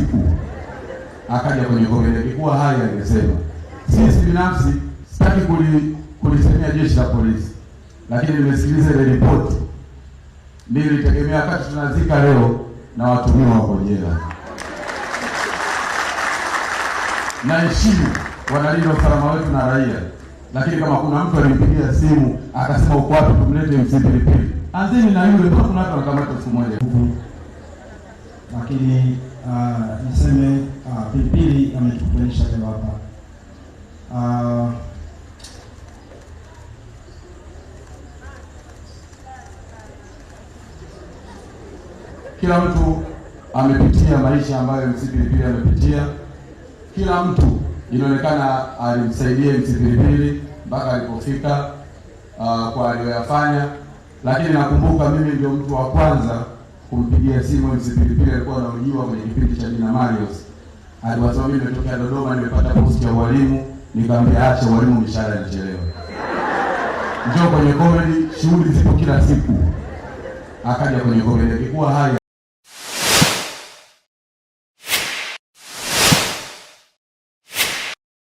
siku akaja kwenye komende. Ilikuwa haya nimesema, sisi binafsi sitaki kulisemea jeshi la polisi, lakini nimesikiliza ile ripoti, nilitegemea kati tunazika leo na watumiwa wako jela. Naheshimu wanalinda usalama wetu na raia, lakini kama kuna mtu alimpigia simu akasema uko wapi tumlete MC Pilipili, anzeni na yule mpaka tunakamata siku moja lakini uh, niseme uh, Pilipili ametuunganisha leo hapa uh, kila mtu amepitia maisha ambayo MC Pilipili amepitia. Kila mtu inaonekana alimsaidia MC Pilipili mpaka alipofika uh, kwa aliyoyafanya, lakini nakumbuka mimi ndio mtu wa kwanza kumpigia simu MC pia alikuwa anaujua kwenye kipindi cha Dina Marios, aliwasema mimi nimetoka Dodoma, nimepata posti ya walimu, nikamwambia acha walimu, mishahara inachelewa, njoo kwenye comedy, shughuli zipo kila siku. Akaja kwenye comedy, alikuwa hai